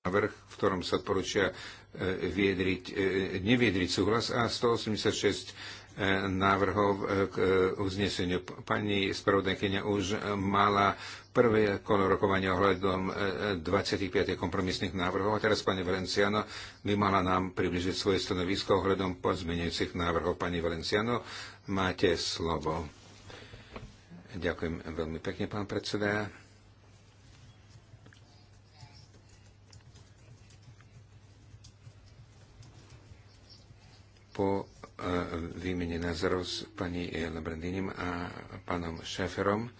návrh, v ktorom sa poručia e, viedriť, e, neviedriť súhlas a 186 e, návrhov k uzneseniu. Pani spravodajkynia už mala prvé kolo rokovania ohľadom 25 kompromisných návrhov a teraz pani Valenciano by mala nám približiť svoje stanovisko ohľadom pozmenujúcich návrhov. Pani Valenciano, máte slovo. Ďakujem veľmi pekne, pán predseda. po e, výmene názorov s pani Lebrandinim a pánom Šéferom. E,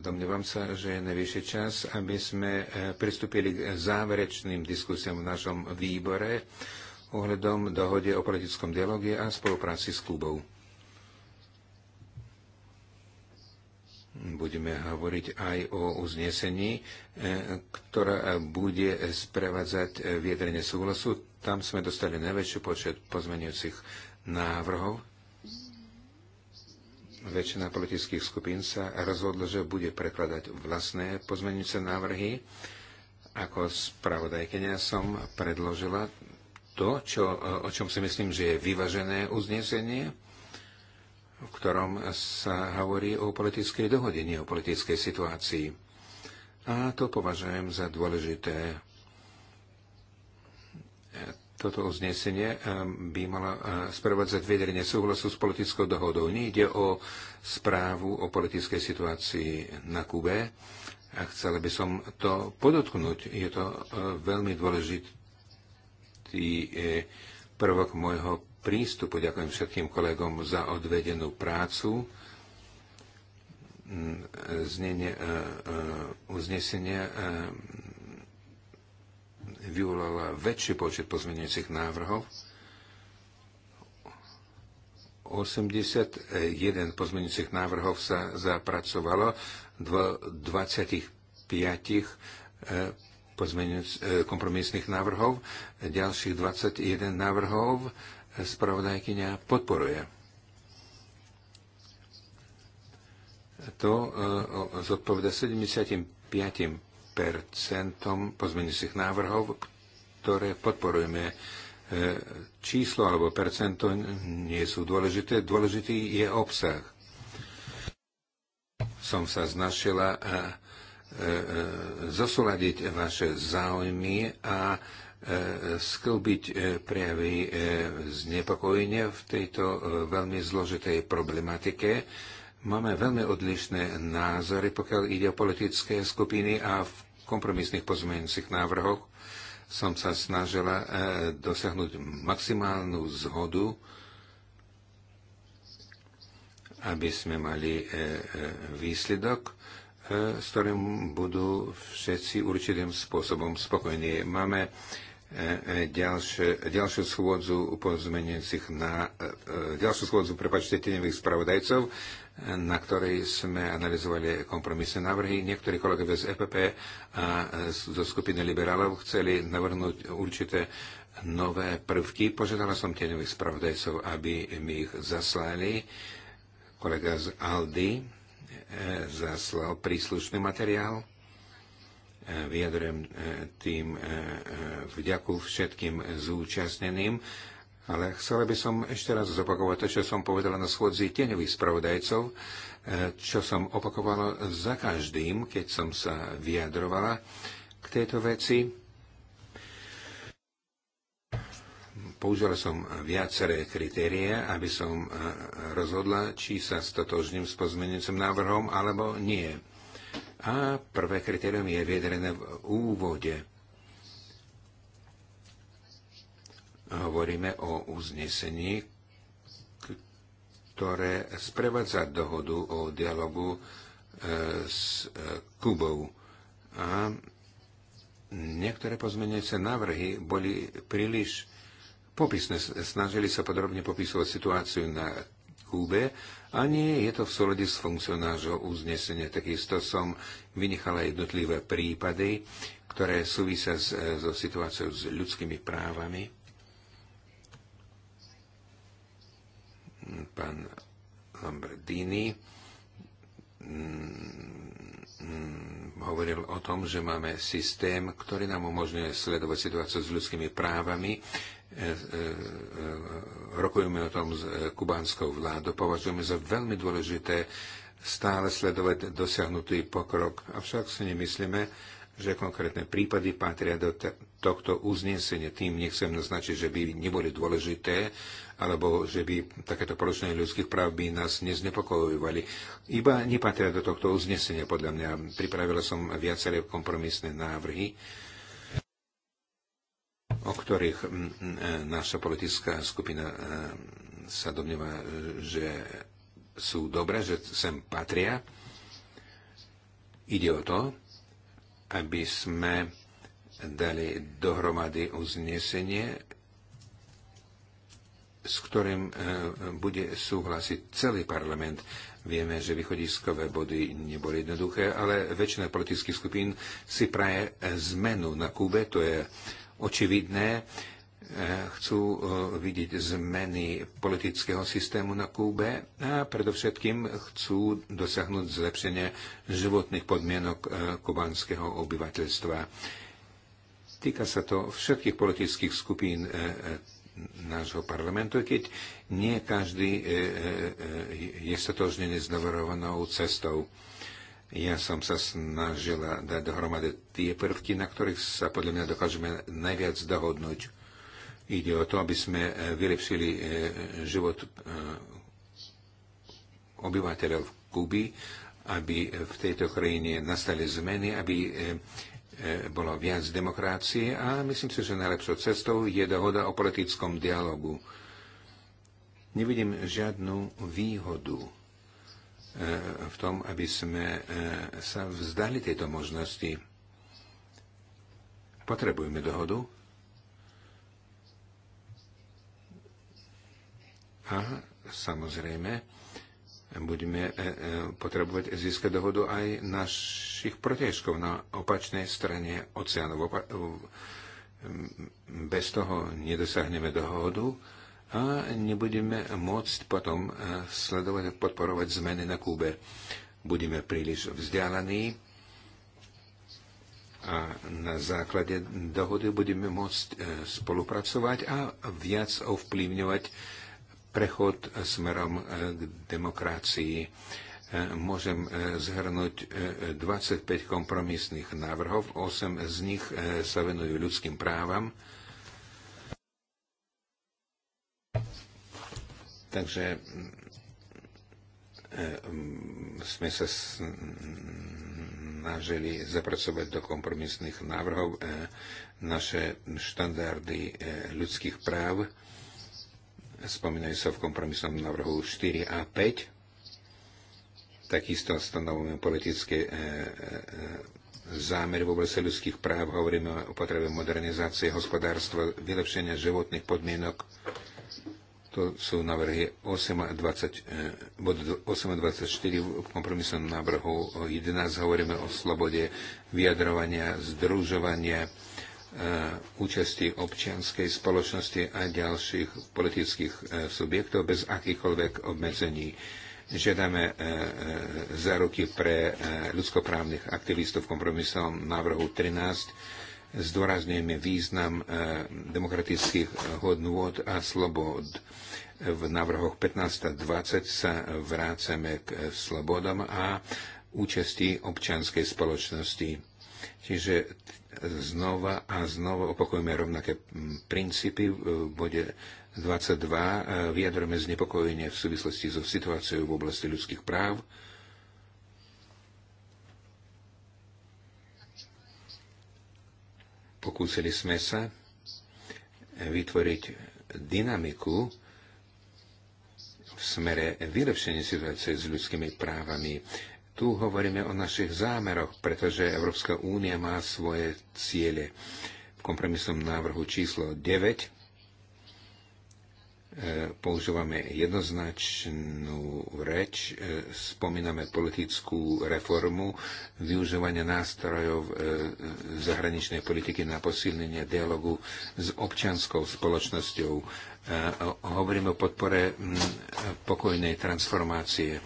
domnievam sa, že je najvyšší čas, aby sme e, pristúpili k záverečným diskusiám v našom výbore ohľadom dohode o politickom dialóge a spolupráci s klubou. Budeme hovoriť aj o uznesení, ktorá bude sprevádzať viedrenie súhlasu tam sme dostali najväčší počet pozmenujúcich návrhov. Väčšina politických skupín sa rozhodla, že bude prekladať vlastné pozmenujúce návrhy. Ako spravodajkenia som predložila to, čo, o čom si myslím, že je vyvažené uznesenie, v ktorom sa hovorí o politickej dohode, nie o politickej situácii. A to považujem za dôležité toto uznesenie eh, by mala eh, sprevádzať vedenie súhlasu s politickou dohodou. Nie, ide o správu o politickej situácii na Kube a chcela by som to podotknúť. Je to eh, veľmi dôležitý prvok môjho prístupu. Ďakujem všetkým kolegom za odvedenú prácu mm, znenie uznesenia vyvolala väčší počet pozmeňujúcich návrhov. 81 pozmeňujúcich návrhov sa zapracovalo, 25 e, e, kompromisných návrhov, ďalších 21 návrhov spravodajkynia podporuje. To e, zodpoveda 75 percentom pozmeňujúcich návrhov, ktoré podporujeme. E, číslo alebo percento nie sú dôležité, dôležitý je obsah. Som sa znašila a e, e, zosúľadiť vaše záujmy a sklbiť prejavy znepokojenia v tejto veľmi zložitej problematike. Máme veľmi odlišné názory, pokiaľ ide o politické skupiny a v kompromisných pozmeňujúcich návrhoch som sa snažila e, dosiahnuť maximálnu zhodu, aby sme mali e, e, výsledok, s ktorým budú všetci určitým spôsobom spokojní. Máme ďalšie, ďalšiu schôdzu pozmeňujúcich na ďalšiu schôdzu, prepačte, tenevých spravodajcov na ktorej sme analyzovali kompromisné návrhy. Niektorí kolegovia z EPP a zo skupiny liberálov chceli navrhnúť určité nové prvky. Požiadala som tieňových spravodajcov, aby mi ich zaslali. Kolega z Aldy e, zaslal príslušný materiál. E, vyjadrujem e, tým vďaku všetkým zúčastneným ale chcela by som ešte raz zopakovať to, čo som povedala na schôdzi tieňových spravodajcov, e, čo som opakovala za každým, keď som sa vyjadrovala k tejto veci. Použila som viaceré kritérie, aby som e, rozhodla, či sa stotožním s pozmenujúcim návrhom alebo nie. A prvé kritérium je vyjadrené v úvode Hovoríme o uznesení, ktoré sprevádza dohodu o dialogu e, s e, Kubou. A niektoré pozmeniace návrhy boli príliš popisné. Snažili sa podrobne popisovať situáciu na Kube a nie je to v súlade s funkcionážou uznesenia. Takisto som vynechala jednotlivé prípady, ktoré súvisia e, so situáciou s ľudskými právami. pán Lambertini mm, hovoril o tom, že máme systém, ktorý nám umožňuje sledovať situáciu s ľudskými právami. E, e, e, rokujeme o tom s kubánskou vládou. Považujeme za veľmi dôležité stále sledovať dosiahnutý pokrok. Avšak si nemyslíme, že konkrétne prípady patria do tohto uznesenia. Tým nechcem naznačiť, že by neboli dôležité, alebo že by takéto porušenie ľudských práv by nás neznepokojovali. Iba nepatria do tohto uznesenia, podľa mňa. Pripravila som viaceré kompromisné návrhy, o ktorých mm, mm, e, naša politická skupina e, sa domnieva, že sú dobré, že sem patria. Ide o to, aby sme dali dohromady uznesenie s ktorým e, bude súhlasiť celý parlament. Vieme, že východiskové body neboli jednoduché, ale väčšina politických skupín si praje e, zmenu na Kube, to je očividné. E, chcú vidieť zmeny politického systému na Kube a predovšetkým chcú dosiahnuť zlepšenie životných podmienok kubanského obyvateľstva. Týka sa to všetkých politických skupín nášho parlamentu, keď nie každý e, e, e, je sotožnený s navrhovanou cestou. Ja som sa snažila dať dohromady tie prvky, na ktorých sa podľa mňa dokážeme najviac dohodnúť. Ide o to, aby sme vylepšili život obyvateľov Kuby, aby v tejto krajine nastali zmeny, aby E, bolo viac demokracie a myslím si, že najlepšou cestou je dohoda o politickom dialogu. Nevidím žiadnu výhodu e, v tom, aby sme e, sa vzdali tejto možnosti. Potrebujeme dohodu a samozrejme budeme e, e, potrebovať získať dohodu aj našich protiažkov na opačnej strane oceánu. E, bez toho nedosiahneme dohodu a nebudeme môcť potom sledovať a podporovať zmeny na Kúbe. Budeme príliš vzdialení a na základe dohody budeme môcť spolupracovať a viac ovplyvňovať prechod smerom e, k demokracii. E, môžem e, zhrnúť 25 kompromisných návrhov, 8 z nich sa venujú ľudským právam. Takže sme sa snažili zapracovať do kompromisných návrhov naše štandardy ľudských práv spomínajú sa v kompromisnom návrhu 4 a 5. Takisto stanovujeme politické e, e, e, zámery v oblasti ľudských práv, hovoríme o potrebe modernizácie hospodárstva, vylepšenia životných podmienok. To sú návrhy 8 a, 20, e, bod 8 a 24 v kompromisnom návrhu 11 hovoríme o slobode vyjadrovania, združovania, E, účasti občianskej spoločnosti a ďalších politických e, subjektov bez akýchkoľvek obmedzení. Žiadame e, záruky pre ľudskoprávnych aktivistov v kompromisom návrhu 13. Zdôrazňujeme význam demokratických hodnôt a slobod. V návrhoch 15 a 20 sa vrácame k slobodom a účasti občianskej spoločnosti. Čiže znova a znova opakujeme rovnaké mm, princípy. V bode 22 e, vyjadrujeme znepokojenie v súvislosti so situáciou v oblasti ľudských práv. Pokúsili sme sa vytvoriť dynamiku v smere vylepšenia situácie s ľudskými právami tu hovoríme o našich zámeroch, pretože Európska únia má svoje ciele. V kompromisnom návrhu číslo 9 e, používame jednoznačnú reč, e, spomíname politickú reformu, využívanie nástrojov e, zahraničnej politiky na posilnenie dialogu s občianskou spoločnosťou. Hovoríme o podpore pokojnej transformácie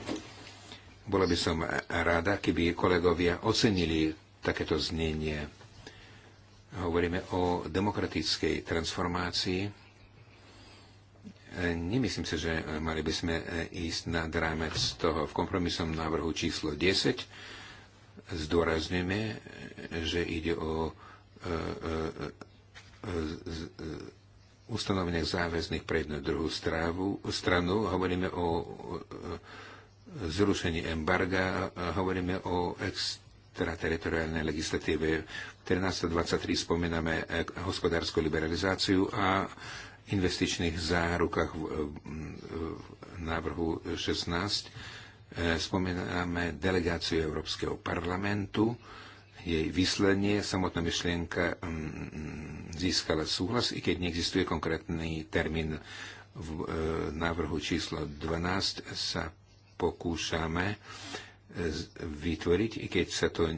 bola by som rada, keby kolegovia ocenili takéto znenie. Hovoríme o demokratickej transformácii. Nemyslím si, že mali by sme ísť na drámec toho. V kompromisom návrhu číslo 10 zdôrazňujeme, že ide o e, e, e, ustanovenie záväzných pre jednu druhú stranu. Hovoríme o zrušení embarga, hovoríme o extrateritoriálnej legislatíve. V 13.23 spomíname eh, hospodárskú liberalizáciu a investičných zárukách v, eh, v návrhu 16 eh, spomíname delegáciu Európskeho parlamentu, jej vyslenie, samotná myšlienka mm, mm, získala súhlas, i keď neexistuje konkrétny termín v návrhu číslo 12 sa pokúšame e, vytvoriť, i keď sa to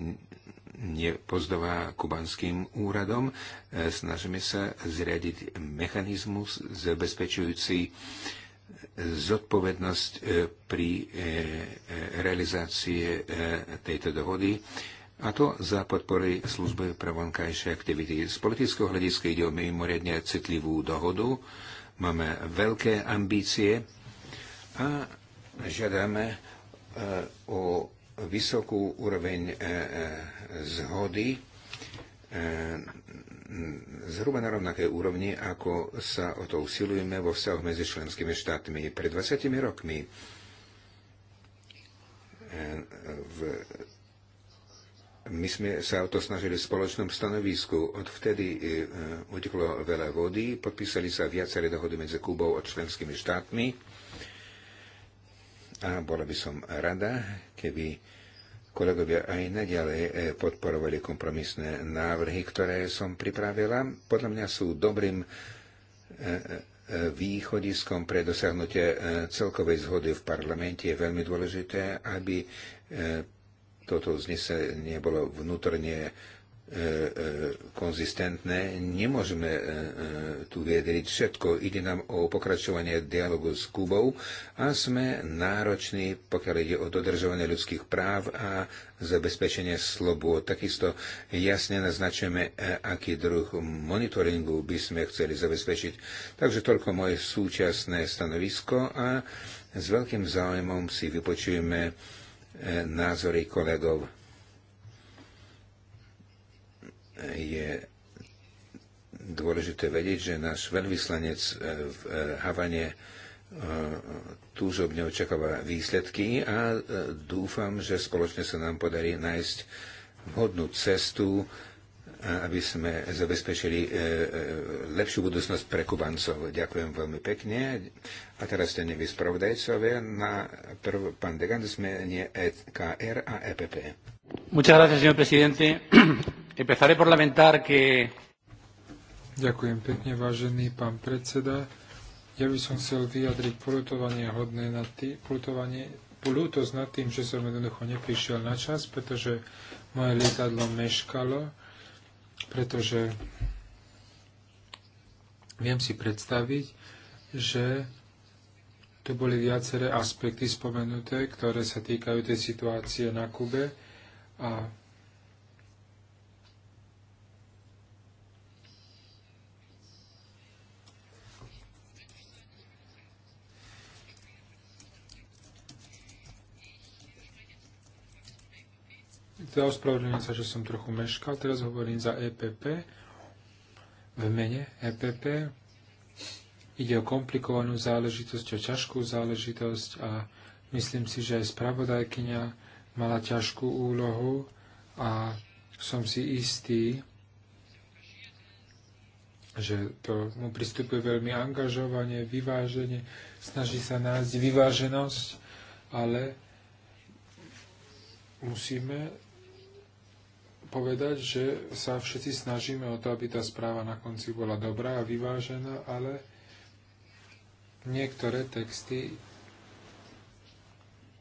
nepozdová kubanským úradom. E, snažíme sa zriadiť mechanizmus zabezpečujúci zodpovednosť e, pri realizácii tejto dohody a to za podpory služby pre vonkajšie aktivity. Z politického hľadiska ide o mimoriadne citlivú dohodu, máme veľké ambície a žiadame e, o vysokú úroveň e, e, zhody zhruba na rovnakej úrovni, ako sa o to usilujeme vo vzťahu medzi členskými štátmi. Pred 20 rokmi v, my sme sa o to snažili v spoločnom stanovisku. Odvtedy uteklo veľa vody, podpísali sa viaceré dohody medzi Kubou a členskými štátmi a bola by som rada, keby kolegovia aj naďalej e, podporovali kompromisné návrhy, ktoré som pripravila. Podľa mňa sú dobrým e, e, východiskom pre dosiahnutie celkovej zhody v parlamente je veľmi dôležité, aby toto znesenie bolo vnútorne E, e, konzistentné. Nemôžeme e, tu viedriť všetko. Ide nám o pokračovanie dialogu s Kubou a sme nároční, pokiaľ ide o dodržovanie ľudských práv a zabezpečenie slobôd. Takisto jasne naznačujeme, aký druh monitoringu by sme chceli zabezpečiť. Takže toľko moje súčasné stanovisko a s veľkým záujmom si vypočujeme názory kolegov je dôležité vedieť, že náš veľvyslanec eh, v eh, Havane eh, túžobne očakáva výsledky a dúfam, že spoločne sa nám podarí nájsť vhodnú cestu, aby sme zabezpečili lepšiu budúcnosť pre Kubancov. Ďakujem veľmi pekne. A teraz ste nevy spravodajcovia na prv, pán Degan zmenie EKR a EPP. Muchas gracias, señor presidente. Empezaré por lamentar que... Ďakujem pekne, vážený pán predseda. Ja by som chcel vyjadriť polutovanie hodné na tý, polutovanie, polutosť nad tým, že som jednoducho neprišiel na čas, pretože moje lietadlo meškalo, pretože viem si predstaviť, že tu boli viaceré aspekty spomenuté, ktoré sa týkajú tej situácie na Kube a Teda ospravedlňujem sa, že som trochu meškal. Teraz hovorím za EPP. V mene EPP ide o komplikovanú záležitosť, o ťažkú záležitosť a myslím si, že aj spravodajkyňa mala ťažkú úlohu a som si istý, že to mu pristupuje veľmi angažovanie, vyváženie, snaží sa nájsť vyváženosť, ale musíme povedať, že sa všetci snažíme o to, aby tá správa na konci bola dobrá a vyvážená, ale niektoré texty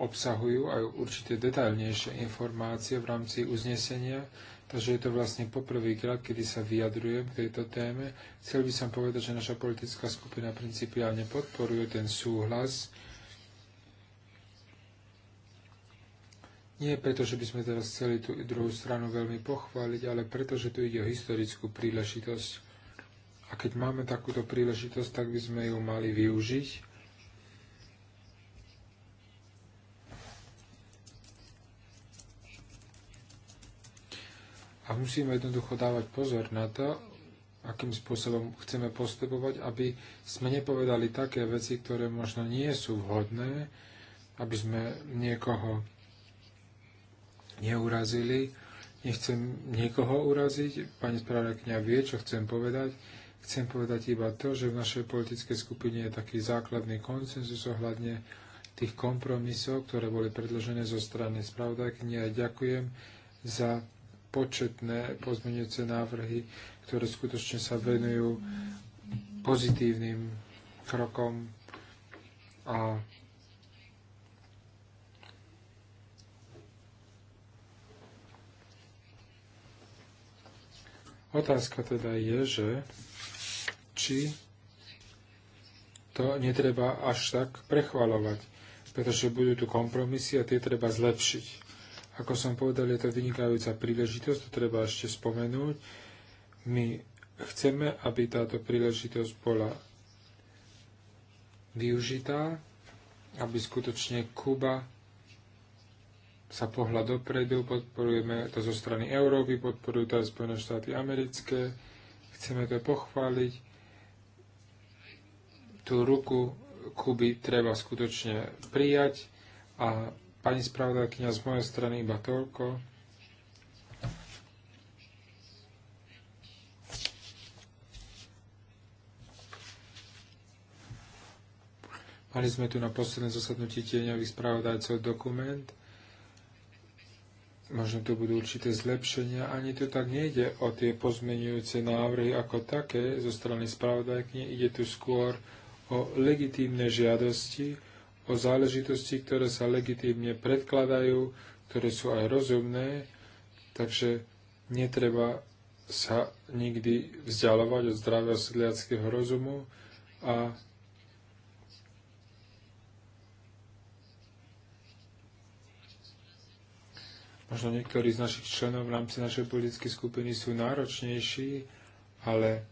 obsahujú aj určité detailnejšie informácie v rámci uznesenia, takže je to vlastne poprvýkrát, kedy sa vyjadrujem k tejto téme. Chcel by som povedať, že naša politická skupina principiálne podporuje ten súhlas, Nie preto, že by sme teraz chceli tú druhú stranu veľmi pochváliť, ale preto, že tu ide o historickú príležitosť. A keď máme takúto príležitosť, tak by sme ju mali využiť. A musíme jednoducho dávať pozor na to, akým spôsobom chceme postupovať, aby sme nepovedali také veci, ktoré možno nie sú vhodné, aby sme niekoho neurazili. Nechcem nikoho uraziť, pani spravodajkňa vie, čo chcem povedať. Chcem povedať iba to, že v našej politickej skupine je taký základný konsenzus ohľadne tých kompromisov, ktoré boli predložené zo strany spravodajkyne. Ja ďakujem za početné pozmeňujúce návrhy, ktoré skutočne sa venujú pozitívnym krokom a Otázka teda je, že či to netreba až tak prechvalovať, pretože budú tu kompromisy a tie treba zlepšiť. Ako som povedal, je to vynikajúca príležitosť, to treba ešte spomenúť. My chceme, aby táto príležitosť bola využitá, aby skutočne Kuba sa pohľa dopredu, podporujeme to zo strany Európy, podporujú to aj Spojené štáty americké, chceme to pochváliť. Tú ruku Kuby treba skutočne prijať a pani spravodajkyňa z mojej strany iba toľko. Mali sme tu na posledné zasadnutí tieňových spravodajcov dokument, možno tu budú určité zlepšenia. Ani to tak nejde o tie pozmenujúce návrhy ako také zo strany spravodajkne. Ide tu skôr o legitímne žiadosti, o záležitosti, ktoré sa legitímne predkladajú, ktoré sú aj rozumné, takže netreba sa nikdy vzdialovať od zdravého sedliackého rozumu a Možno niektorí z našich členov v rámci našej politickej skupiny sú náročnejší, ale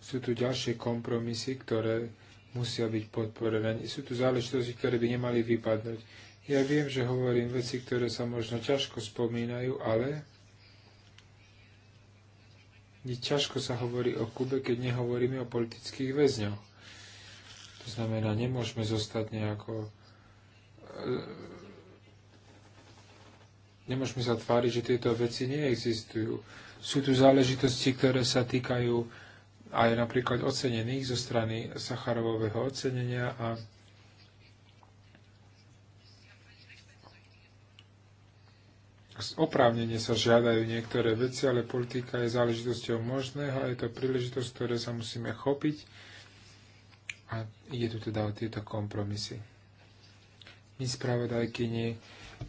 sú tu ďalšie kompromisy, ktoré musia byť podporené. Sú tu záležitosti, ktoré by nemali vypadnúť. Ja viem, že hovorím veci, ktoré sa možno ťažko spomínajú, ale ťažko sa hovorí o Kube, keď nehovoríme o politických väzňoch. To znamená, nemôžeme zostať nejako Nemôžeme sa tváriť, že tieto veci neexistujú. Sú tu záležitosti, ktoré sa týkajú aj napríklad ocenených zo strany Sacharovového ocenenia a oprávnenie sa žiadajú niektoré veci, ale politika je záležitosťou možného a je to príležitosť, ktoré sa musíme chopiť a ide tu teda o tieto kompromisy. My spravodajkyni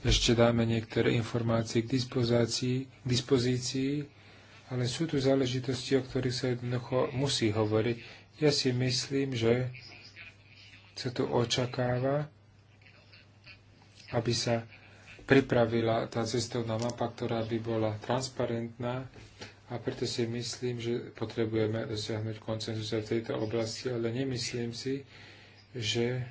ešte dáme niektoré informácie k dispozícii, k dispozícii, ale sú tu záležitosti, o ktorých sa jednoducho musí hovoriť. Ja si myslím, že sa tu očakáva, aby sa pripravila tá cestovná mapa, ktorá by bola transparentná a preto si myslím, že potrebujeme dosiahnuť koncenzus v tejto oblasti, ale nemyslím si, že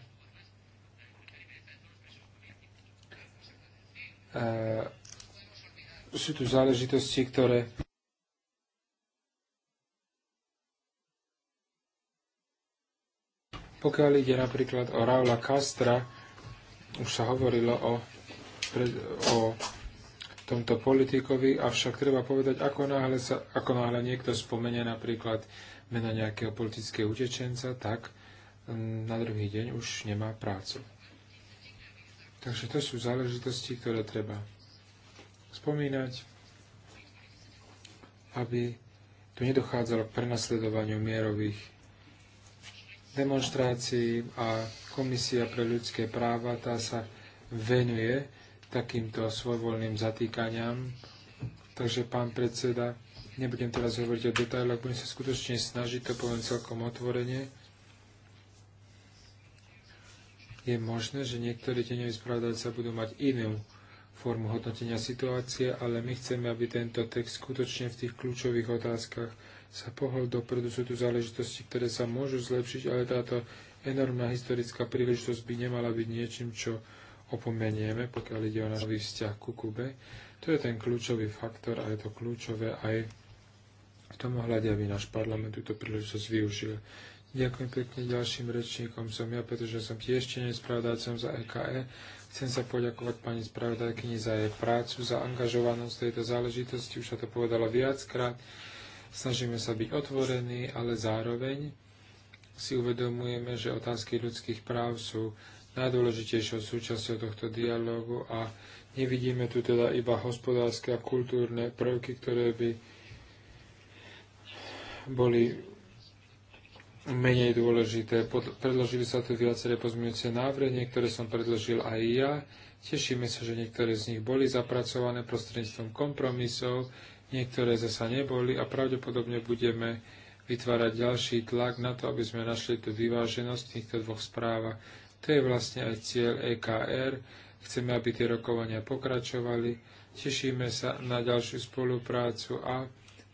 sú tu záležitosti, ktoré pokiaľ ide napríklad o Raula Castra, už sa hovorilo o, o tomto politikovi, avšak treba povedať, ako náhle, sa, ako náhle niekto spomenie napríklad meno nejakého politického utečenca, tak mm, na druhý deň už nemá prácu. Takže to sú záležitosti, ktoré treba spomínať, aby tu nedochádzalo k prenasledovaniu mierových demonstrácií a Komisia pre ľudské práva tá sa venuje takýmto svojvoľným zatýkaniam. Takže, pán predseda, nebudem teraz hovoriť o detailoch, budem sa skutočne snažiť, to poviem celkom otvorene je možné, že niektorí teňoví spravodajca budú mať inú formu hodnotenia situácie, ale my chceme, aby tento text skutočne v tých kľúčových otázkach sa pohol dopredu. Sú tu záležitosti, ktoré sa môžu zlepšiť, ale táto enormná historická príležitosť by nemala byť niečím, čo opomenieme, pokiaľ ide o nový vzťah ku Kube. To je ten kľúčový faktor a je to kľúčové aj v tom ohľade, aby náš parlament túto príležitosť využil. Ďakujem pekne ďalším rečníkom som ja, pretože som tiež čene spravodajcom za EKE. E. Chcem sa poďakovať pani spravodajkyni za jej prácu, za angažovanosť tejto záležitosti, už sa to povedala viackrát. Snažíme sa byť otvorení, ale zároveň si uvedomujeme, že otázky ľudských práv sú najdôležitejšou súčasťou tohto dialogu a nevidíme tu teda iba hospodárske a kultúrne prvky, ktoré by boli menej dôležité. predložili sa tu viaceré pozmeňujúce návrhy, niektoré som predložil aj ja. Tešíme sa, že niektoré z nich boli zapracované prostredníctvom kompromisov, niektoré zasa neboli a pravdepodobne budeme vytvárať ďalší tlak na to, aby sme našli tú vyváženosť v týchto dvoch správach. To je vlastne aj cieľ EKR. Chceme, aby tie rokovania pokračovali. Tešíme sa na ďalšiu spoluprácu a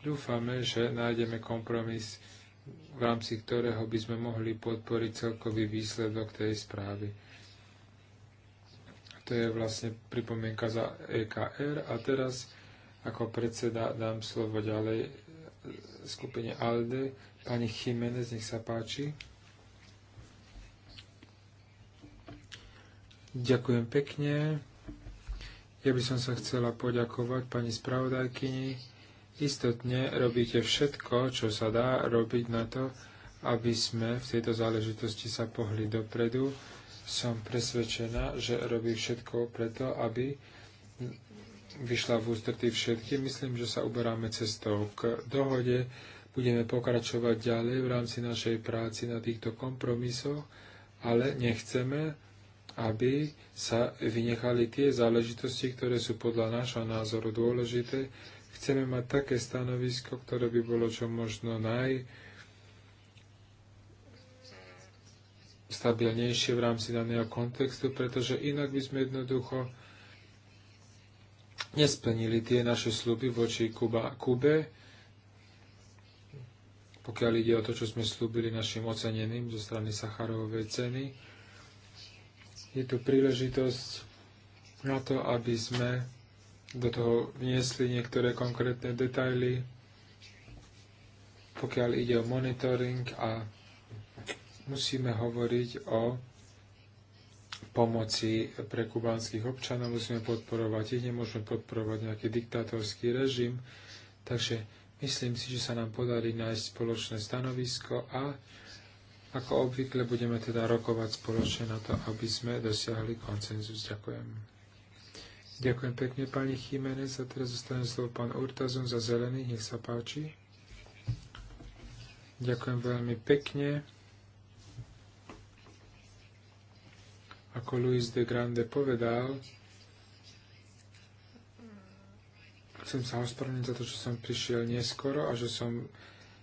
dúfame, že nájdeme kompromis v rámci ktorého by sme mohli podporiť celkový výsledok tej správy. To je vlastne pripomienka za EKR a teraz ako predseda dám slovo ďalej skupine ALDE. Pani Jiménez, nech sa páči. Ďakujem pekne. Ja by som sa chcela poďakovať pani spravodajkyni Istotne robíte všetko, čo sa dá robiť na to, aby sme v tejto záležitosti sa pohli dopredu. Som presvedčená, že robí všetko preto, aby vyšla v ústretí všetky. Myslím, že sa uberáme cestou k dohode. Budeme pokračovať ďalej v rámci našej práci na týchto kompromisoch, ale nechceme, aby sa vynechali tie záležitosti, ktoré sú podľa nášho názoru dôležité, Chceme mať také stanovisko, ktoré by bolo čo možno naj stabilnejšie v rámci daného kontextu, pretože inak by sme jednoducho nesplnili tie naše sluby voči Kuba, Kube, pokiaľ ide o to, čo sme slúbili našim oceneným zo strany Sacharovej ceny. Je tu príležitosť na to, aby sme do toho vniesli niektoré konkrétne detaily, pokiaľ ide o monitoring a musíme hovoriť o pomoci pre kubánskych občanov, musíme podporovať ich, nemôžeme podporovať nejaký diktátorský režim, takže myslím si, že sa nám podarí nájsť spoločné stanovisko a ako obvykle budeme teda rokovať spoločne na to, aby sme dosiahli koncenzus. Ďakujem. Ďakujem pekne, pani Chimenez. A teraz zostane slovo pán Urtazun za zelený. Nech sa páči. Ďakujem veľmi pekne. Ako Luis de Grande povedal, chcem sa ospravedlniť za to, že som prišiel neskoro a že som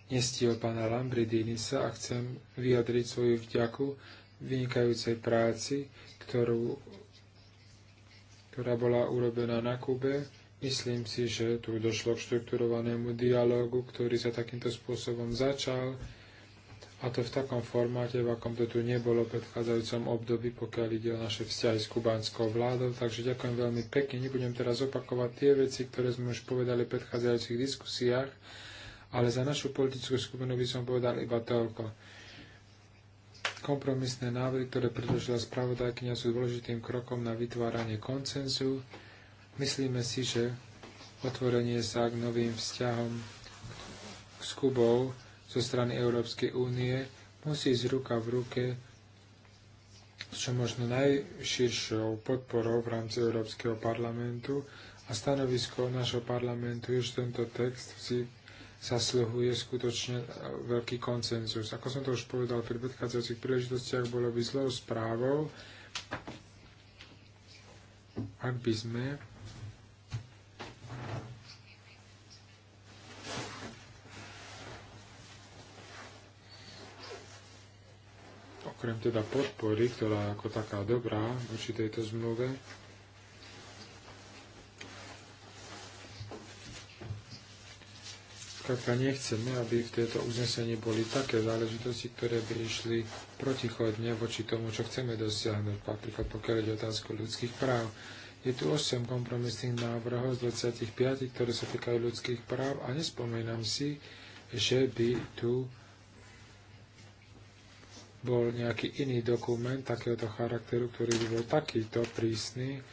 nestihol pána Lambridinisa a chcem vyjadriť svoju vďaku vynikajúcej práci, ktorú ktorá bola urobená na Kube. Myslím si, že tu došlo k štrukturovanému dialogu, ktorý sa takýmto spôsobom začal a to v takom formáte, v akom to tu nebolo v predchádzajúcom období, pokiaľ ide o naše vzťahy s kubánskou vládou. Takže ďakujem veľmi pekne. Nebudem teraz opakovať tie veci, ktoré sme už povedali v predchádzajúcich diskusiách, ale za našu politickú skupinu by som povedal iba toľko. Kompromisné návrhy, ktoré predložila spravodajkynia, sú dôležitým krokom na vytváranie koncenzu. Myslíme si, že otvorenie sa k novým vzťahom s Kubou zo strany Európskej únie musí ísť ruka v ruke s čo možno najširšou podporou v rámci Európskeho parlamentu a stanovisko nášho parlamentu je, že tento text si zasluhuje skutočne e, veľký koncenzus. Ako som to už povedal pri predchádzajúcich príležitostiach, bolo by zlou správou, ak by sme okrem teda podpory, ktorá je ako taká dobrá voči tejto zmluve, a nechceme, aby v tejto uznesení boli také záležitosti, ktoré by išli protichodne voči tomu, čo chceme dosiahnuť, napríklad pokiaľ ide otázku ľudských práv. Je tu 8 kompromisných návrhov z 25, ktoré sa týkajú ľudských práv a nespomínam si, že by tu bol nejaký iný dokument takéhoto charakteru, ktorý by bol takýto prísny.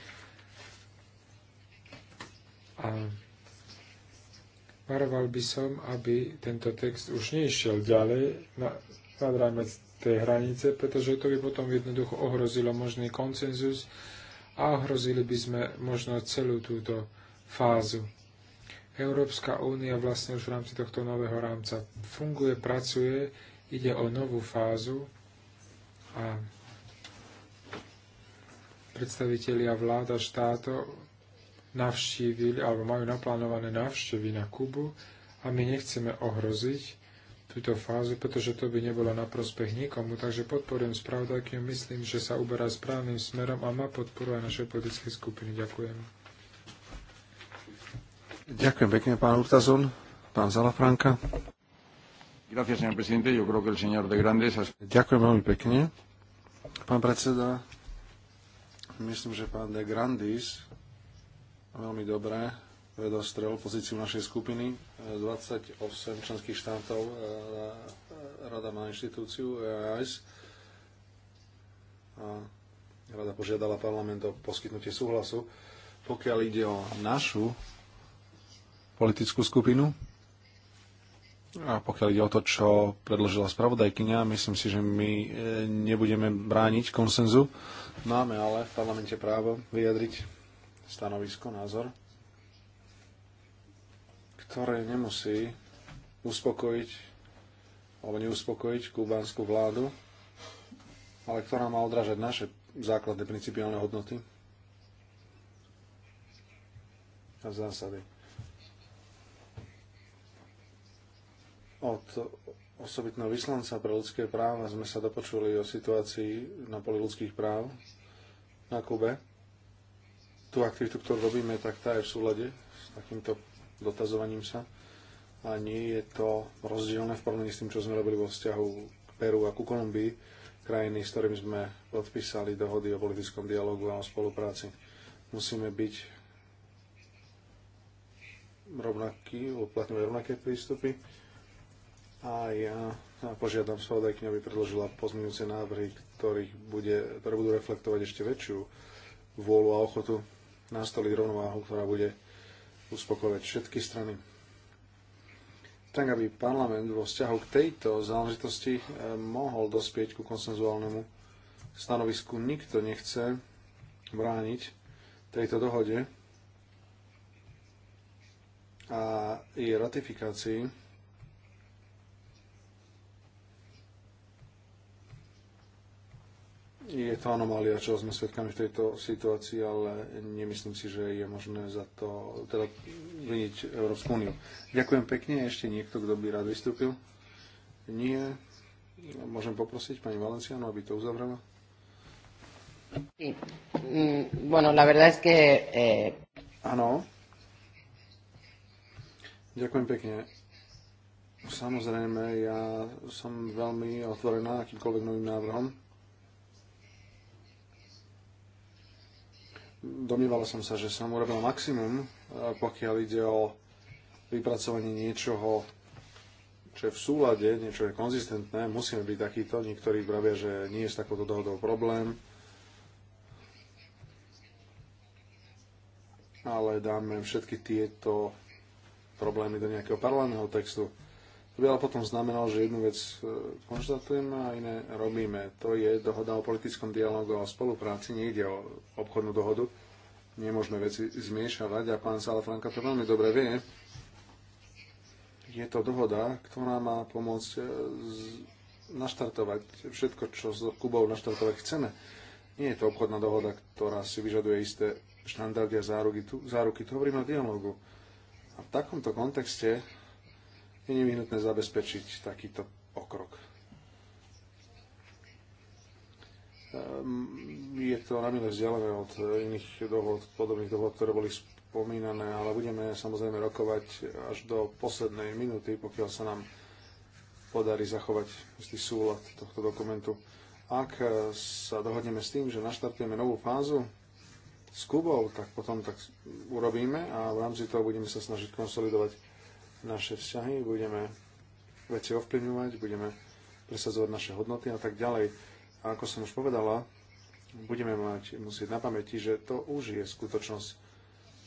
A Varoval by som, aby tento text už nešiel ďalej na, nad rámec tej hranice, pretože to by potom jednoducho ohrozilo možný koncenzus a ohrozili by sme možno celú túto fázu. Európska únia vlastne už v rámci tohto nového rámca funguje, pracuje, ide o novú fázu a predstavitelia vláda štátov navštívili alebo majú naplánované návštevy na Kubu a my nechceme ohroziť túto fázu, pretože to by nebolo na prospech nikomu. Takže podporujem spravodajkyňu, myslím, že sa uberá správnym smerom a má podporu aj našej politickej skupiny. Ďakujem. Ďakujem pekne, pán Urtazon. Pán Zalafranka. Gracias, señor presidente. Yo creo que el señor de Grandes... Ďakujem veľmi pekne. Pán predseda, myslím, že pán de Grandis veľmi dobre vedostrel pozíciu našej skupiny. 28 členských štátov e, e, rada má inštitúciu EIS. a rada požiadala parlament o poskytnutie súhlasu. Pokiaľ ide o našu politickú skupinu a pokiaľ ide o to, čo predložila spravodajkyňa, myslím si, že my e, nebudeme brániť konsenzu. Máme ale v parlamente právo vyjadriť stanovisko, názor, ktoré nemusí uspokojiť alebo neuspokojiť kubánsku vládu, ale ktorá má odrážať naše základné principiálne hodnoty a zásady. Od osobitného vyslanca pre ľudské práva sme sa dopočuli o situácii na poli ľudských práv na Kube tú aktivitu, ktorú robíme, tak tá je v súlade s takýmto dotazovaním sa a nie je to rozdielne v porovnaní s tým, čo sme robili vo vzťahu k Peru a ku Kolumbii, krajiny, s ktorými sme podpísali dohody o politickom dialogu a o spolupráci. Musíme byť rovnakí, uplatňovať rovnaké prístupy a ja požiadam spravodajkyňu, aby predložila pozmeňujúce návrhy, ktorých bude, ktoré budú reflektovať ešte väčšiu vôľu a ochotu nastoliť rovnováhu, ktorá bude uspokojovať všetky strany. Tak, aby parlament vo vzťahu k tejto záležitosti eh, mohol dospieť ku konsenzuálnemu stanovisku. Nikto nechce brániť tejto dohode a jej ratifikácii Je to anomália, čo sme svedkami v tejto situácii, ale nemyslím si, že je možné za to teda vyniť Európsku úniu. Ďakujem pekne. Ešte niekto, kto by rád vystúpil? Nie. Môžem poprosiť pani Valenciano, aby to uzavrela? Sí. Mm, bueno, la verdad es que... Eh... Áno. Ďakujem pekne. Samozrejme, ja som veľmi otvorená akýmkoľvek novým návrhom Domýval som sa, že som urobil maximum, e, pokiaľ ide o vypracovanie niečoho, čo je v súlade, niečo je konzistentné. Musíme byť takýto. Niektorí pravia, že nie je s takouto dohodou problém. Ale dáme všetky tieto problémy do nejakého paralelného textu. To by ale potom znamenalo, že jednu vec e, konštatujeme a iné robíme. To je dohoda o politickom dialogu a o spolupráci. Nejde o obchodnú dohodu. Nemôžeme veci zmiešavať a pán Salafranka to veľmi dobre vie. Je to dohoda, ktorá má pomôcť e, naštartovať všetko, čo s Kubou naštartovať chceme. Nie je to obchodná dohoda, ktorá si vyžaduje isté štandardy a záruky. Tu, záruky. Tu hovoríme o dialogu. A v takomto kontexte je nevyhnutné zabezpečiť takýto pokrok. Ehm, je to na namile vzdialené od iných dohod, podobných dohod, ktoré boli spomínané, ale budeme samozrejme rokovať až do poslednej minúty, pokiaľ sa nám podarí zachovať istý súlad tohto dokumentu. Ak e, sa dohodneme s tým, že naštartujeme novú fázu s Kubou, tak potom tak urobíme a v rámci toho budeme sa snažiť konsolidovať naše vzťahy, budeme veci ovplyvňovať, budeme presadzovať naše hodnoty a tak ďalej. A ako som už povedala, budeme mať musieť na pamäti, že to už je skutočnosť.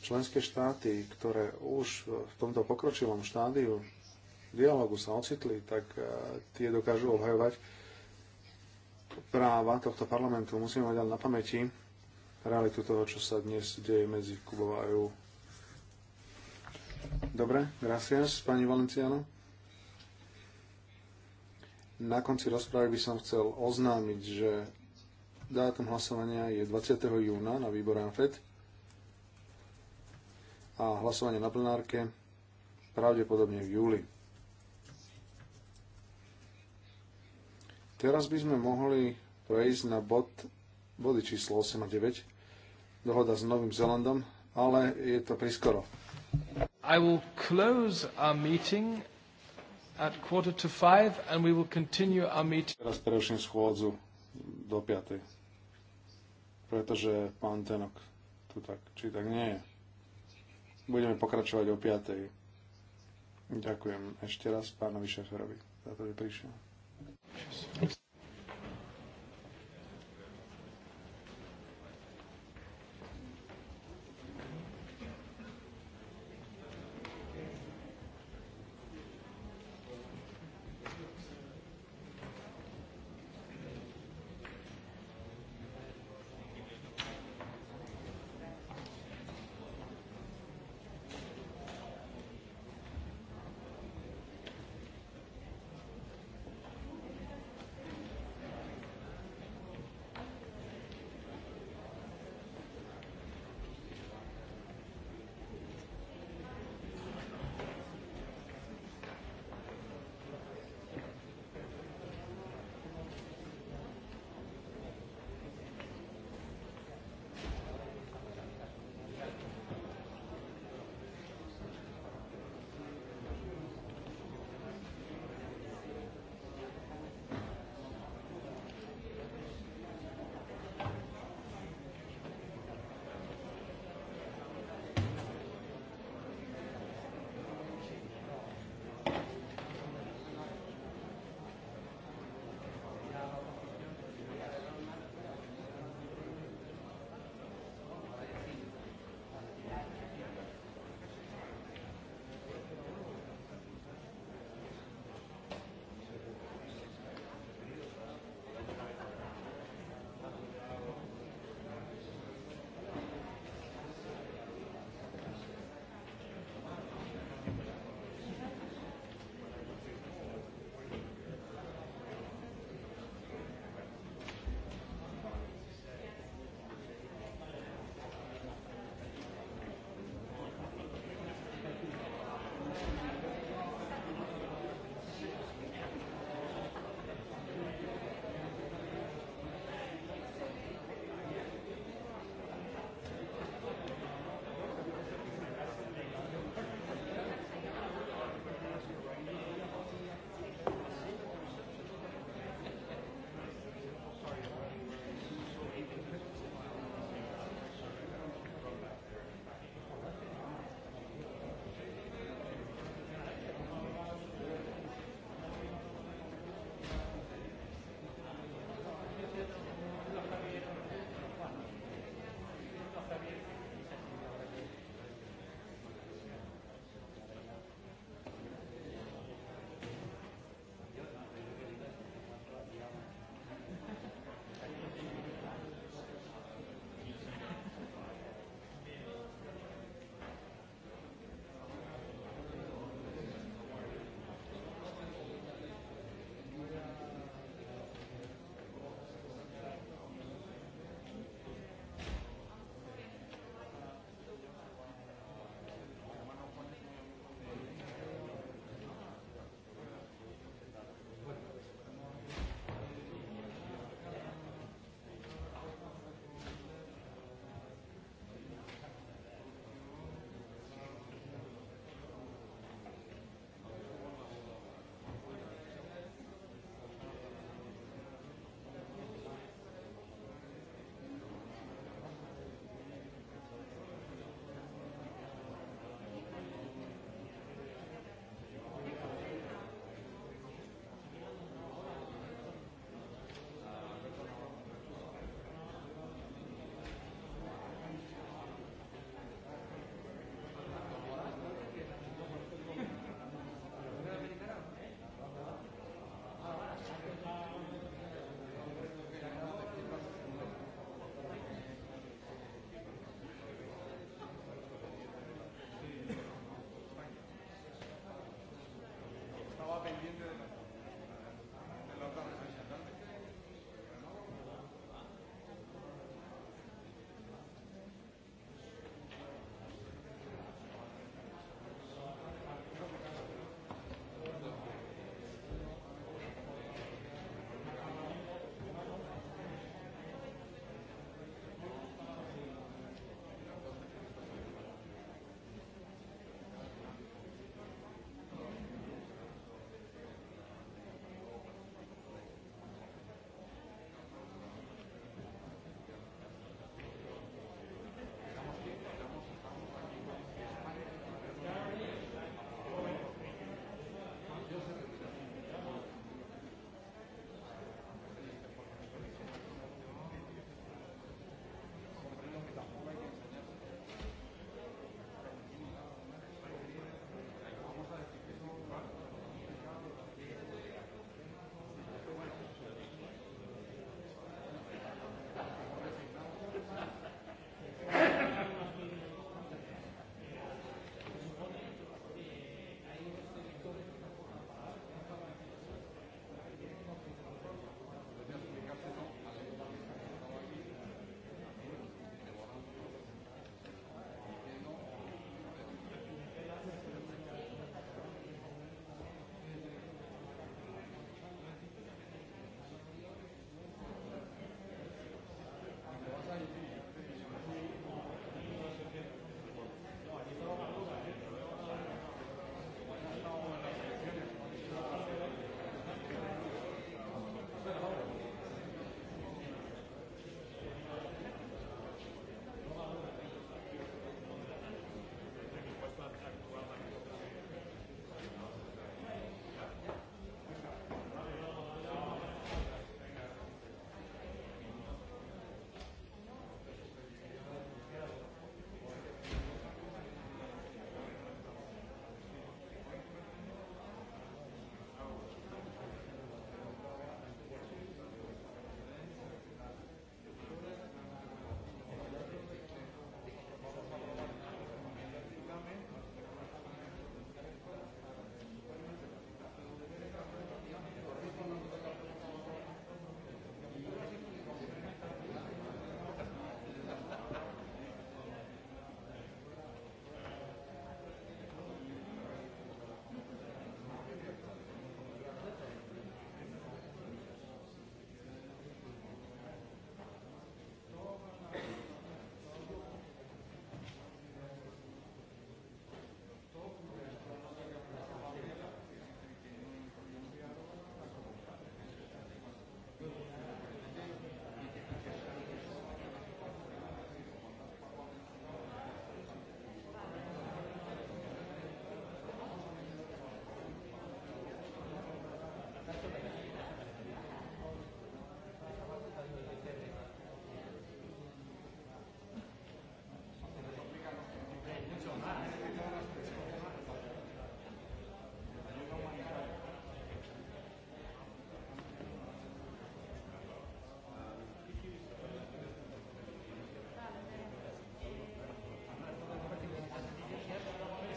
Členské štáty, ktoré už v tomto pokročilom štádiu dialogu sa ocitli, tak e, tie dokážu obhajovať práva tohto parlamentu. Musíme mať ale na pamäti realitu toho, čo sa dnes deje medzi Kubou a EU. Dobre, gracias, pani Valenciano. Na konci rozprávy by som chcel oznámiť, že dátum hlasovania je 20. júna na výbor AFED a hlasovanie na plenárke pravdepodobne v júli. Teraz by sme mohli prejsť na bod, body číslo 8 a 9, dohoda s Novým Zelandom, ale je to priskoro. I will close our meeting at quarter to five and we will continue our meeting. Teraz preruším schôdzu do 5. Pretože pán Tenok tu tak, či tak nie je. Budeme pokračovať o 5. Ďakujem ešte raz pánovi šeferovi za to, že prišiel.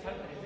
살펴야 돼요.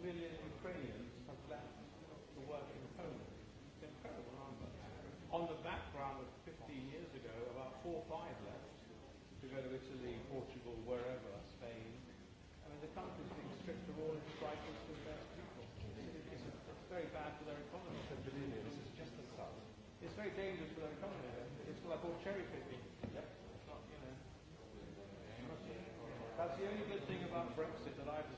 million Ukrainians have left to work in Poland. It's an incredible number. On the background of 15 years ago, about four or five left to go to Italy, Portugal, wherever, Spain. I mean, the country's being stripped of all its rights to their people. It's very bad for their economy. Mr. Bellini, this is just the start. It's very dangerous for their economy. It's like all cherry picking. Yep. It's Not, you know. That's the only good thing about Brexit that I've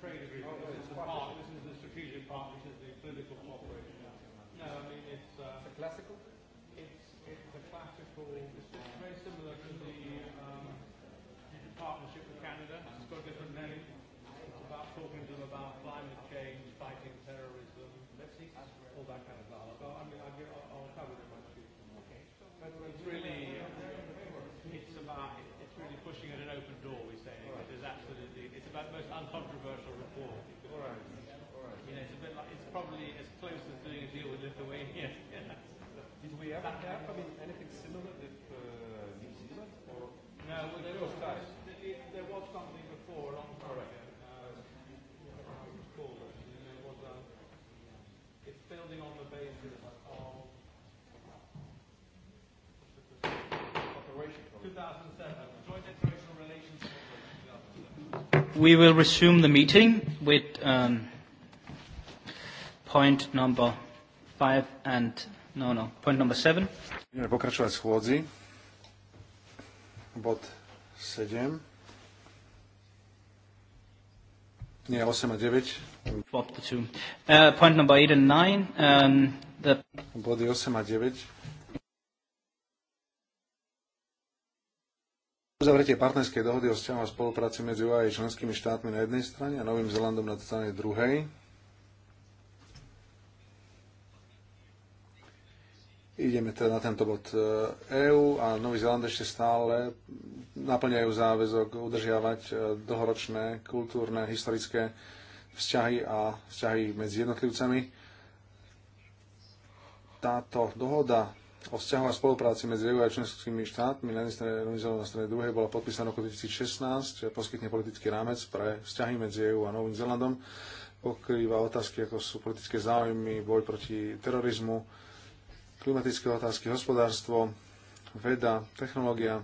trade agreement. This is the part, this is the strategic part, this is the political cooperation. No, I mean, it's... Uh, it's a classical? It's, it's a classical, it's very similar to the um, partnership with Canada. It's got a different name. It's about talking to them about climate change, fighting terrorism, all that kind of stuff. So, I mean, I'll, give, I'll, I'll cover it much. Okay. It's really, it's about, it's really pushing at an open door. We like most uncontroversial report. All right. All right. You know, it's a bit like it's probably as close as doing a deal with Lithuania. Did we ever have I mean anything similar with uh, We will resume the meeting with um, point number five and no, no, point number seven. Budeme pokračovať schôdzi. Bod 7. Nie, 8 a 9. Up to Uh, point number 8 and 9. Um, the... Body 8 a 9 Uzavretie partnerskej dohody o vzťahu a spolupráci medzi UA a členskými štátmi na jednej strane a Novým Zelandom na strane druhej. Ideme teda na tento bod EÚ e a Nový Zeland ešte stále naplňajú záväzok udržiavať e, dlhoročné kultúrne, historické vzťahy a vzťahy medzi jednotlivcami. Táto dohoda o vzťahom a spolupráci medzi EU a členskými štátmi na jednej strane a na strane druhej bola podpísaná roku 2016, poskytne politický rámec pre vzťahy medzi EU a Novým Zelandom, pokrýva otázky ako sú politické záujmy, boj proti terorizmu, klimatické otázky, hospodárstvo, veda, technológia,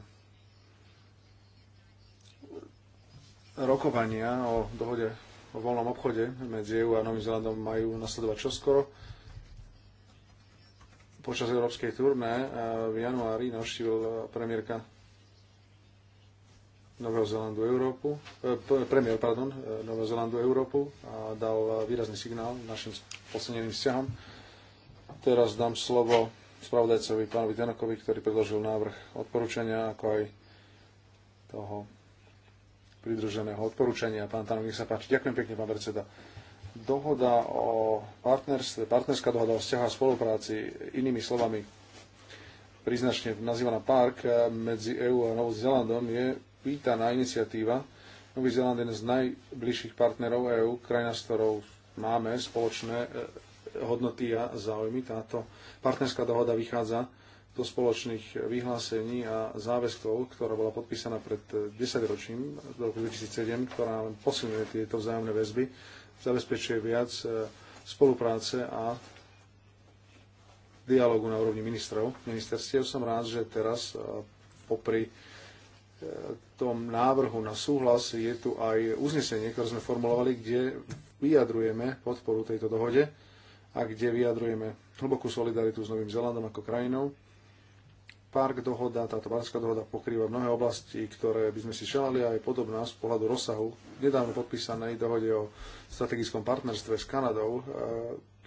rokovania o dohode o voľnom obchode medzi EU a Novým Zelandom majú nasledovať čoskoro Počas európskej turné eh, v januári navštívil eh, premiérka Nového Zelandu Európu, eh, premiér, pardon, eh, Nového Zelandu Európu a dal výrazný signál našim posledným vzťahom. Teraz dám slovo spravodajcovi pánovi Tenokovi, ktorý predložil návrh odporúčania, ako aj toho pridruženého odporúčania. Pán Tanok, nech sa páči. Ďakujem pekne, pán predseda dohoda o partnerstve, partnerská dohoda o vzťahu a spolupráci, inými slovami príznačne nazývaná PARK eh, medzi EÚ a Novou Zelandom je vítaná iniciatíva. Nový Zeland je jeden z najbližších partnerov EÚ, krajina, s ktorou máme spoločné eh, hodnoty a záujmy. Táto partnerská dohoda vychádza do spoločných vyhlásení a záväzkov, ktorá bola podpísaná pred 10 eh, ročím, do roku 2007, ktorá posilňuje tieto vzájomné väzby zabezpečuje viac e, spolupráce a dialogu na úrovni ministrov, ministerstiev. Som rád, že teraz e, popri e, tom návrhu na súhlas je tu aj uznesenie, ktoré sme formulovali, kde vyjadrujeme podporu tejto dohode a kde vyjadrujeme hlbokú solidaritu s Novým Zelandom ako krajinou Park dohoda, táto Banská dohoda pokrýva mnohé oblasti, ktoré by sme si želali aj podobná z pohľadu rozsahu. Nedávno podpísanej dohode o strategickom partnerstve s Kanadou, e,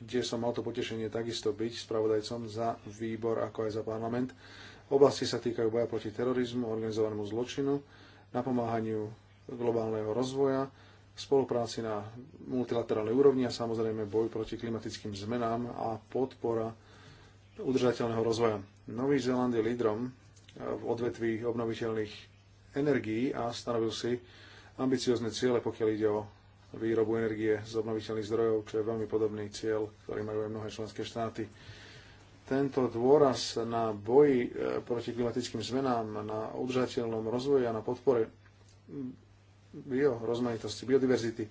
kde som mal to potešenie takisto byť spravodajcom za výbor ako aj za parlament. Oblasti sa týkajú boja proti terorizmu, organizovanému zločinu, napomáhaniu globálneho rozvoja, spolupráci na multilaterálnej úrovni a samozrejme boj proti klimatickým zmenám a podpora udržateľného rozvoja Nový Zeland je lídrom eh, v odvetví obnoviteľných energií a stanovil si ambiciozne ciele, pokiaľ ide o výrobu energie z obnoviteľných zdrojov, čo je veľmi podobný cieľ, ktorý majú aj mnohé členské štáty. Tento dôraz na boji eh, proti klimatickým zmenám, na udržateľnom rozvoji a na podpore biorozmanitosti, biodiverzity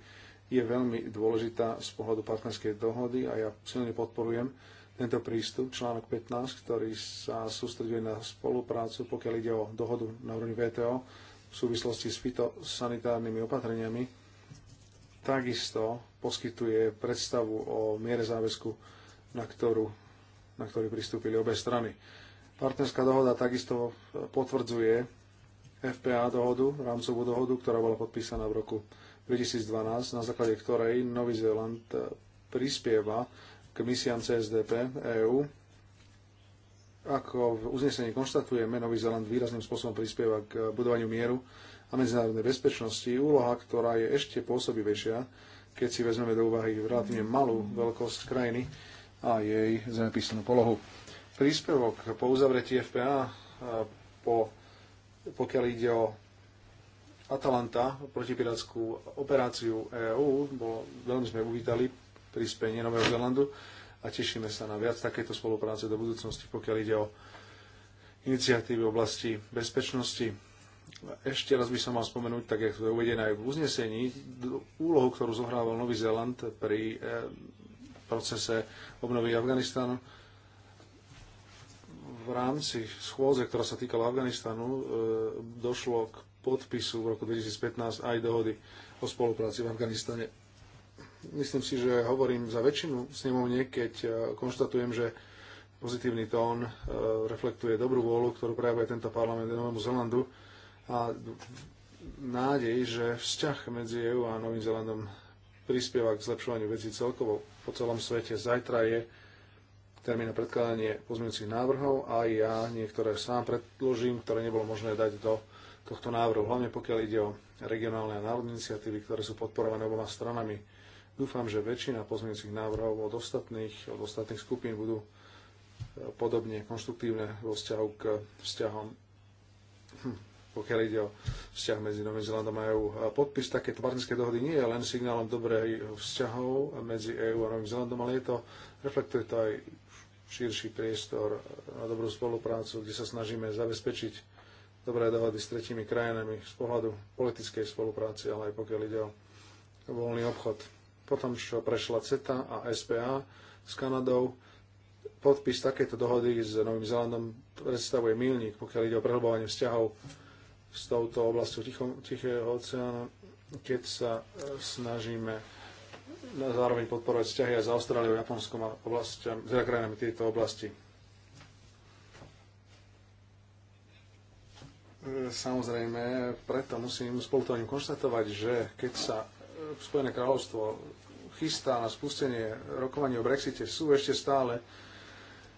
je veľmi dôležitá z pohľadu partnerskej dohody a ja silne podporujem tento prístup, článok 15, ktorý sa sústreduje na spoluprácu, pokiaľ ide o dohodu na úrovni VTO v súvislosti s fitosanitárnymi opatreniami, takisto poskytuje predstavu o miere záväzku, na, ktorú, na ktorý pristúpili obe strany. Partnerská dohoda takisto potvrdzuje FPA dohodu, rámcovú dohodu, ktorá bola podpísaná v roku 2012, na základe ktorej Nový Zéland prispieva k misiám CSDP EÚ. Ako v uznesení konštatujeme, Nový Zeland výrazným spôsobom prispieva k budovaniu mieru a medzinárodnej bezpečnosti. Úloha, ktorá je ešte pôsobivejšia, keď si vezmeme do úvahy relatívne malú veľkosť krajiny a jej zemepisnú polohu. Príspevok po uzavretí FPA, po, pokiaľ ide o Atalanta, protipirátskú operáciu EÚ, bol, veľmi sme uvítali prispenie Nového Zelandu a tešíme sa na viac takéto spolupráce do budúcnosti, pokiaľ ide o iniciatívy v oblasti bezpečnosti. Ešte raz by som mal spomenúť, tak ako je uvedené aj v uznesení, úlohu, ktorú zohrával Nový Zeland pri eh, procese obnovy Afganistanu. V rámci schôze, ktorá sa týkala Afganistanu, eh, došlo k podpisu v roku 2015 aj dohody o spolupráci v Afganistane myslím si, že hovorím za väčšinu snemovne, keď e, konštatujem, že pozitívny tón e, reflektuje dobrú vôľu, ktorú prejavuje tento parlament Novému Zelandu a nádej, že vzťah medzi EU a Novým Zelandom prispieva k zlepšovaniu vecí celkovo po celom svete. Zajtra je termín na predkladanie pozmeňujúcich návrhov a ja niektoré sám predložím, ktoré nebolo možné dať do tohto návrhu, hlavne pokiaľ ide o regionálne a národné iniciatívy, ktoré sú podporované oboma stranami Dúfam, že väčšina pozmeňujúcich návrhov od ostatných, od ostatných skupín budú e, podobne konštruktívne vo vzťahu k vzťahom, hm, pokiaľ ide o vzťah medzi Novým Zelandom a EÚ. Podpis takéto partnerskej dohody nie je len signálom dobrej vzťahov medzi EÚ a Novým Zelandom, ale je to, reflektuje to aj širší priestor na dobrú spoluprácu, kde sa snažíme zabezpečiť dobré dohody s tretími krajinami z pohľadu politickej spolupráce, ale aj pokiaľ ide o voľný obchod potom čo prešla CETA a SPA s Kanadou, podpis takéto dohody s Novým zelandom predstavuje milník, pokiaľ ide o prehlbovanie vzťahov s touto oblasťou Tichého oceánu, keď sa e, snažíme zároveň podporovať vzťahy aj s Austráliou, Japonskom a oblastiam, teda krajinami tejto oblasti. E, samozrejme, preto musím spolutovaním konštatovať, že keď sa Spojené kráľovstvo chystá na spustenie rokovania o Brexite, sú ešte stále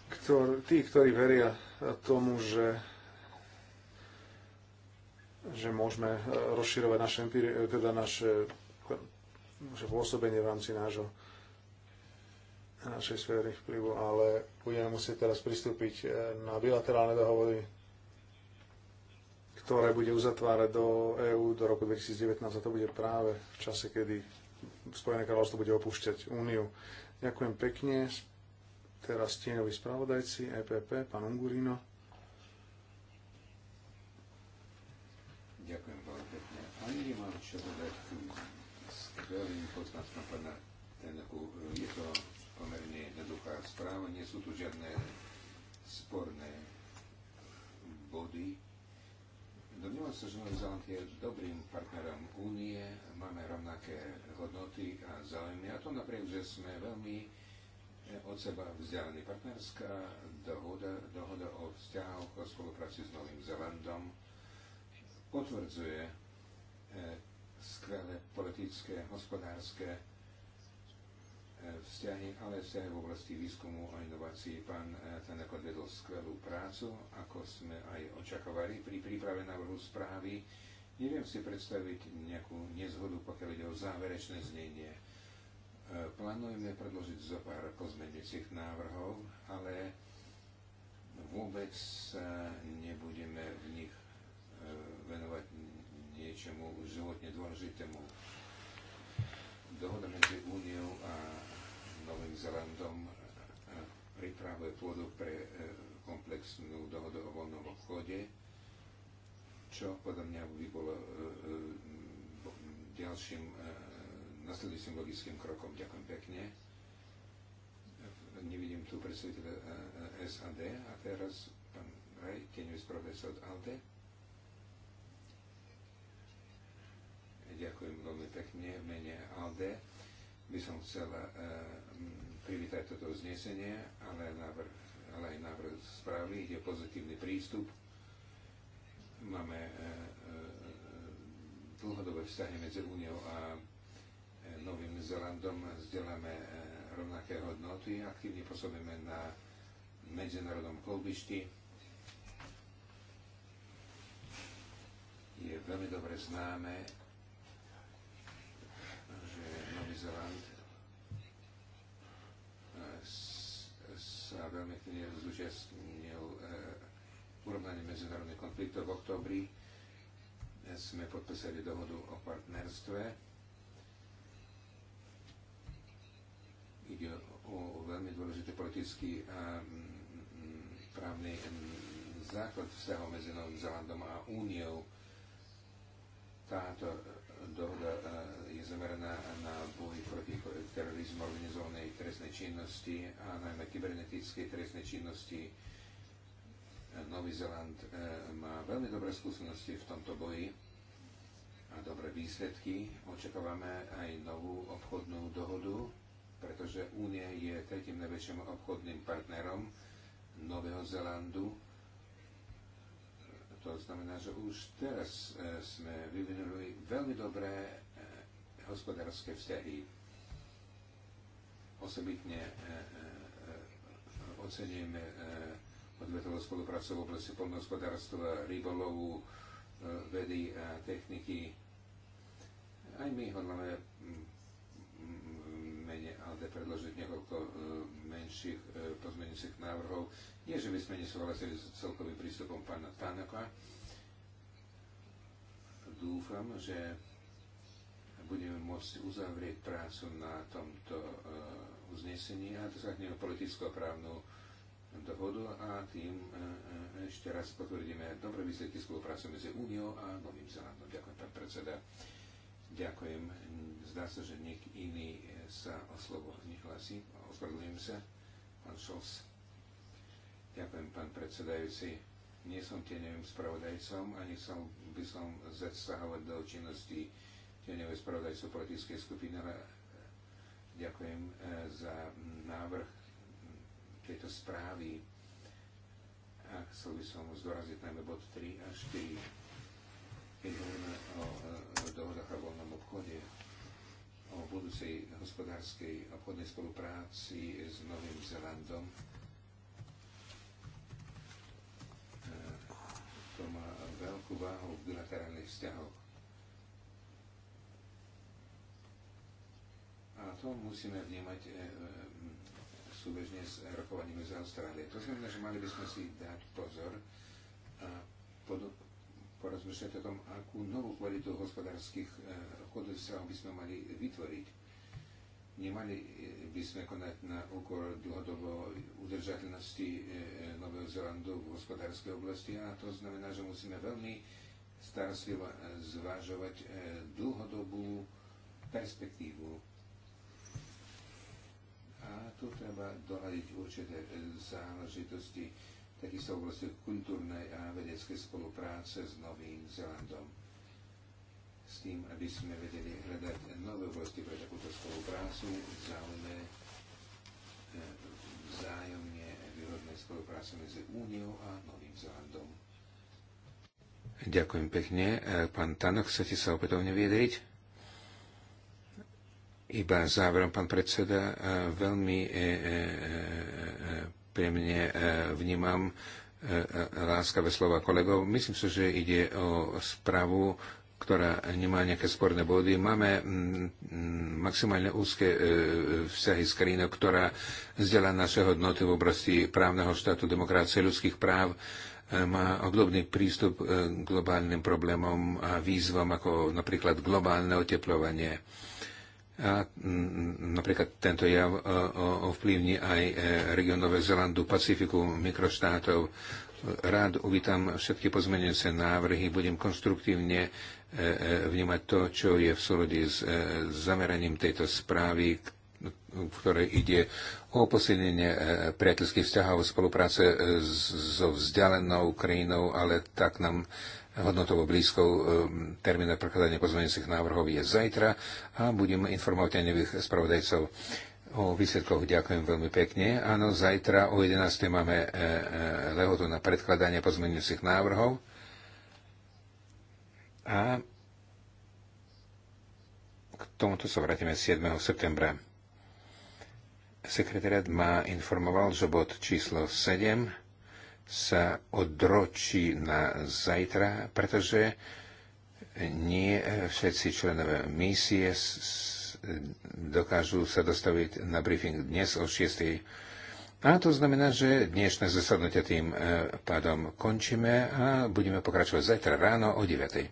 ktor, tí, ktorí veria tomu, že že môžeme e, rozširovať naše, e, teda naše, naše pôsobenie v rámci nášho našej sféry vplyvu, ale budeme musieť teraz pristúpiť e, na bilaterálne dohovory ktoré bude uzatvárať do EÚ do roku 2019 a to bude práve v čase, kedy Spojené kráľovstvo bude opúšťať Úniu. Ďakujem pekne. Teraz tieňoví spravodajci EPP, pán Ungurino. Ďakujem veľmi pekne. Ani nemám čo dodať k skvelým poznatkom pána Tenku. Je to pomerne jednoduchá správa, nie sú tu žiadne sporné body Domnievam sa, že Nový Zeland je dobrým partnerom únie, máme rovnaké hodnoty a záujmy a to napriek, že sme veľmi eh, od seba vzdialení. Partnerská dohoda, dohoda o vzťahoch o spolupráci s Novým Zelandom potvrdzuje eh, skvelé politické, hospodárske vzťahy, ale vzťahy v oblasti výskumu a inovácií. Pán eh, Tanek odvedol skvelú prácu, ako sme aj očakávali pri príprave návrhu správy. Neviem si predstaviť nejakú nezhodu, pokiaľ ide o záverečné znenie. Eh, plánujeme predložiť zo pár pozmeňujúcich návrhov, ale vôbec sa nebudeme v nich eh, venovať niečomu životne dôležitému. Dohoda medzi Úniou a Novým Zelandom e, pripravuje pôdu pre e, komplexnú dohodu o voľnom obchode, čo podľa mňa by bolo e, ďalším nasledujúcim logickým krokom. Ďakujem pekne. Nevidím tu predstaviteľa SAD a teraz pán Raj, tenový profesor Alde. Ďakujem veľmi pekne v mene Alde by som chcela eh, mm, privítať toto znesenie, ale, návrh, ale aj návrh správy je pozitívny prístup. Máme eh, eh, dlhodobé vzťahy medzi Úniou a Novým Zelandom, vzdeláme rovnaké hodnoty, aktívne pôsobíme na medzinárodnom kolbišti. Je veľmi dobre známe, Zeland eh, sa veľmi aktívne zúčastnil urovnanie eh, medzinárodných konfliktov. V oktobri eh, sme podpísali dohodu o partnerstve. Ide o veľmi dôležitý politický a právny základ vzťahov medzi Novým Zelandom a Úniou. Táto dohoda je zameraná na boj proti terorizmu, organizovanej trestnej činnosti a najmä kybernetickej trestnej činnosti. Nový Zeland eh, má veľmi dobré skúsenosti v tomto boji a dobré výsledky. Očakávame aj novú obchodnú dohodu, pretože Únia je tretím najväčším obchodným partnerom Nového Zelandu to znamená, že už teraz eh, sme vyvinuli veľmi dobré hospodárske vzťahy. Osobitne e, e, e, ocenujeme odvetovú spoluprácu v oblasti polnohospodárstva, rybolovu, vedy a techniky. Aj my hodláme mene ALDE predložiť niekoľko menších pozmeňujúcich návrhov. Nie, že by sme nesúhlasili s celkovým prístupom pána Tanaka. Dúfam, že budeme môcť uzavrieť prácu na tomto eh, uznesení a dosiahneme politicko-právnu dohodu a tým eh, eh, ešte raz potvrdíme dobré výsledky spolupráce medzi Úniou a Novým Zelandom. Ďakujem, pán predseda. Ďakujem. Zdá sa, že nik iný sa o slovo nehlasí. Ospravedlňujem sa. Pán Šolc. Ďakujem, pán predsedajúci. Nie som neviem spravodajcom a som by som zasahovať do činnosti tieňové spravodajstvo politickej skupiny. Eh, ďakujem eh, za návrh tejto správy a chcel by som zdoraziť najmä bod 3 a 4, keď hovoríme o, eh, dohodách a voľnom obchode, o budúcej hospodárskej obchodnej spolupráci s Novým Zelandom. To má veľkú váhu v bilaterálnych vzťahoch to musíme vnímať e, e, súbežne s rokovaním z Austrálie. To znamená, že mali by sme si dať pozor a porozmýšľať o tom, akú novú kvalitu hospodárskych e, obchodov sa by sme mali vytvoriť. Nemali by sme konať na úkor dlhodobo udržateľnosti Nového Zelandu v hospodárskej oblasti a to znamená, že musíme veľmi starostlivo zvážovať dlhodobú perspektívu a tu treba dohľadiť určité eh, záležitosti, takisto v oblasti kultúrnej a vedeckej spolupráce s Novým Zelandom. S tým, aby sme vedeli hľadať nové oblasti pre takúto spoluprácu, záujme eh, vzájomne výhodnej spolupráce medzi Úniou a Novým Zelandom. Ďakujem pekne. Eh, pán Tanok, chcete sa opätovne vyjadriť? Iba záverom, pán predseda, e, veľmi e, e, príjemne vnímam láskavé slova kolegov. Myslím si, že ide o správu, ktorá nemá nejaké sporné body. Máme maximálne úzke vzťahy s krajinou, ktorá zdieľa naše hodnoty v oblasti právneho štátu, demokracie, ľudských práv má obdobný prístup k globálnym problémom a výzvam ako napríklad globálne oteplovanie a mm, napríklad tento jav ovplyvní aj e, region Nové Zelandu, Pacifiku, mikroštátov. Rád uvítam všetky pozmenujúce návrhy, budem konstruktívne e, e, vnímať to, čo je v súlade s zameraním tejto správy, v ktorej ide o posilnenie priateľských vzťahov, spolupráce so vzdialenou krajinou, ale tak nám hodnotovo blízkou um, termína prekladania pozmeňujúcich návrhov je zajtra a budem informovať aj nových spravodajcov o výsledkoch. Ďakujem veľmi pekne. Áno, zajtra o 11. máme e, e, lehotu na predkladanie pozmeňujúcich návrhov. A k tomuto sa vrátime 7. septembra. Sekretariat ma informoval, že bod číslo 7 sa odročí na zajtra, pretože nie všetci členové misie dokážu sa dostaviť na briefing dnes o 6. A to znamená, že dnešné zasadnutie tým e, pádom končíme a budeme pokračovať zajtra ráno o 9.